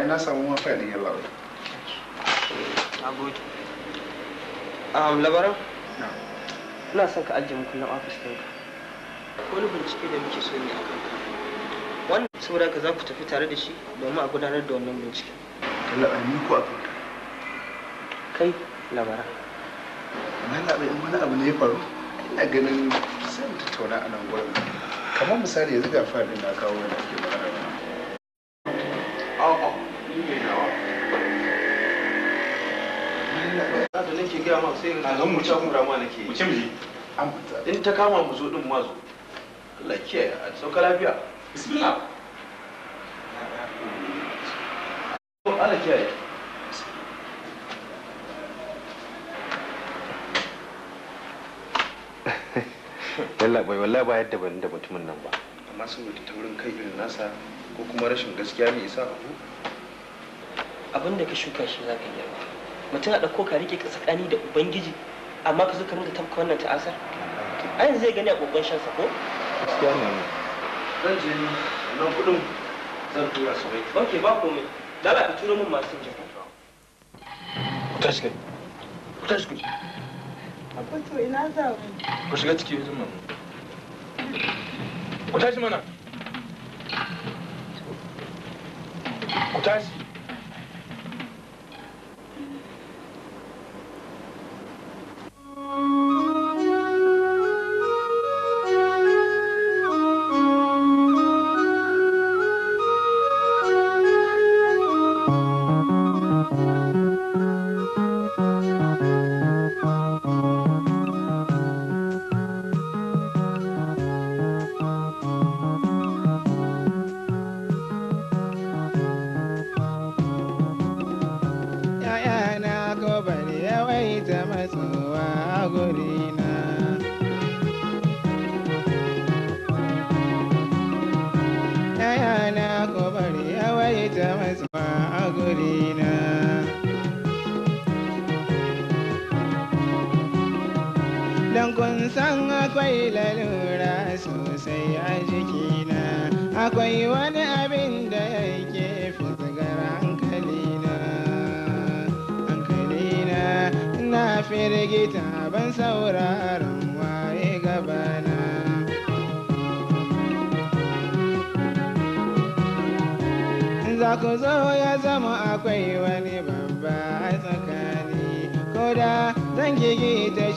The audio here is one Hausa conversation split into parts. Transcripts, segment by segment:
ai na samu mafa ya yalla Agoji. A um labaran ina son ka ajiye mukullin ofis ɗinka wani bincike da muke so ne kan ka wannan saboda ka za ku tafi tare da shi domin a gudanar da wannan binciken kalla a ni ko a kai labaran. mana bai wani abu ne ya faru ina ganin sai mu tattauna a nan gurin kamar misali yanzu ga faɗin na kawo wani ake magana a da nake gaya ma sai ka zo mu ci mu rama nake mu ci mu in ta kama mu zo din ma zo Allah kiyaye a sauka lafiya bismillah to Allah kiyaye yalla bai wallahi ba yadda ban da mutumin nan ba amma saboda taurin kai irin nasa ko kuma rashin gaskiya mai isa abu abin da ka shuka shi za zaka girma mutum a ɗauko ka rike tsakani da ubangiji amma ka zo ka rinka tafka wannan ta'asar a yanzu zai gani a ƙoƙon shan sa ko gaskiya ne zan je nan kuɗin zan tura su mai ok ba komai lala ka turo min masu jin ta matsuwa a gurina don kun san akwai lalura sosai a jikina akwai wani abin da yake fizgar hankalina hankalina na firgita ban sauraron ku ya zama akwai wani babba a tsakani ko da zan gigita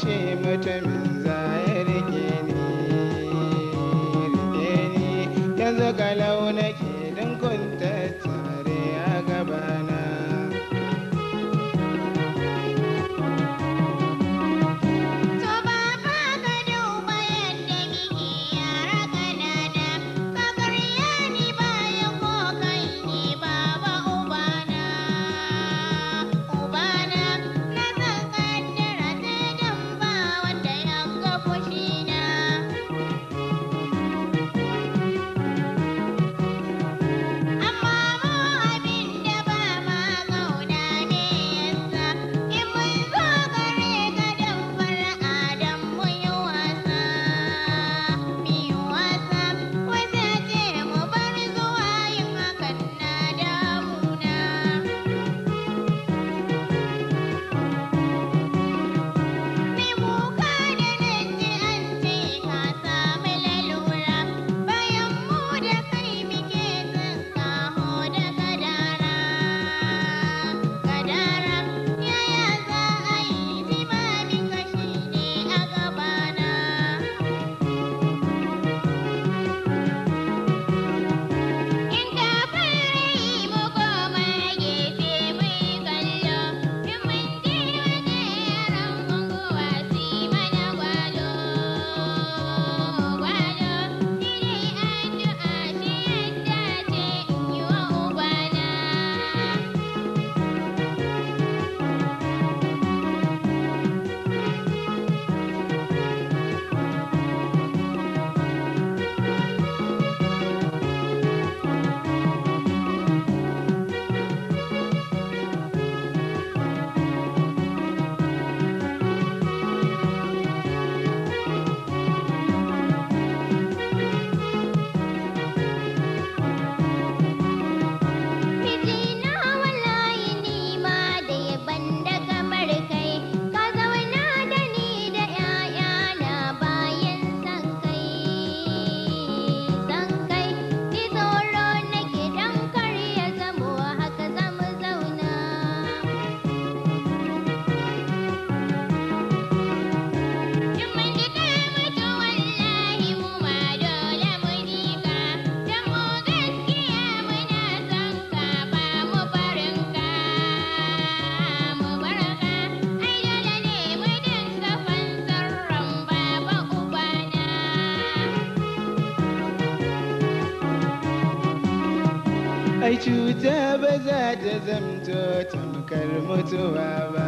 ai cuta ba za ta zamto tamkar mutuwa ba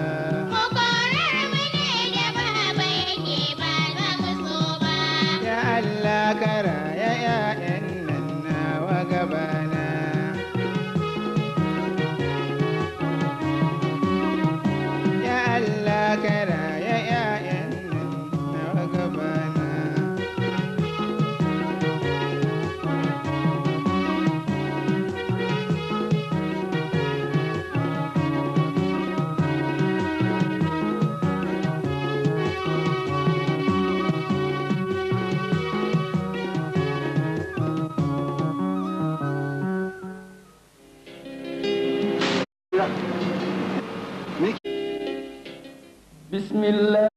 بسم الله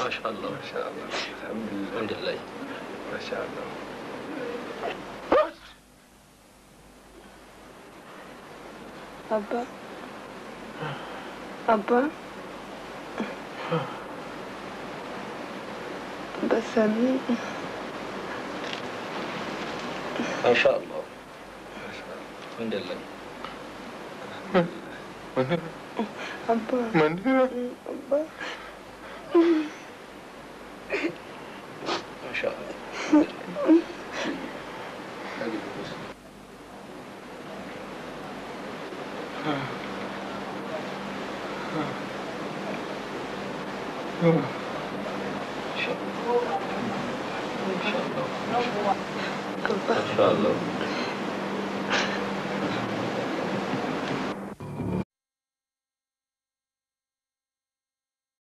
ما شاء الله ما شاء الله الحمد لله الحمد لله ما شاء الله أبا أبا بس أبي ما شاء الله ما شاء الله الحمد لله من هنا؟ أبا من هنا؟ أبا Maşallah. İnşallah. İnşallah. İnşallah.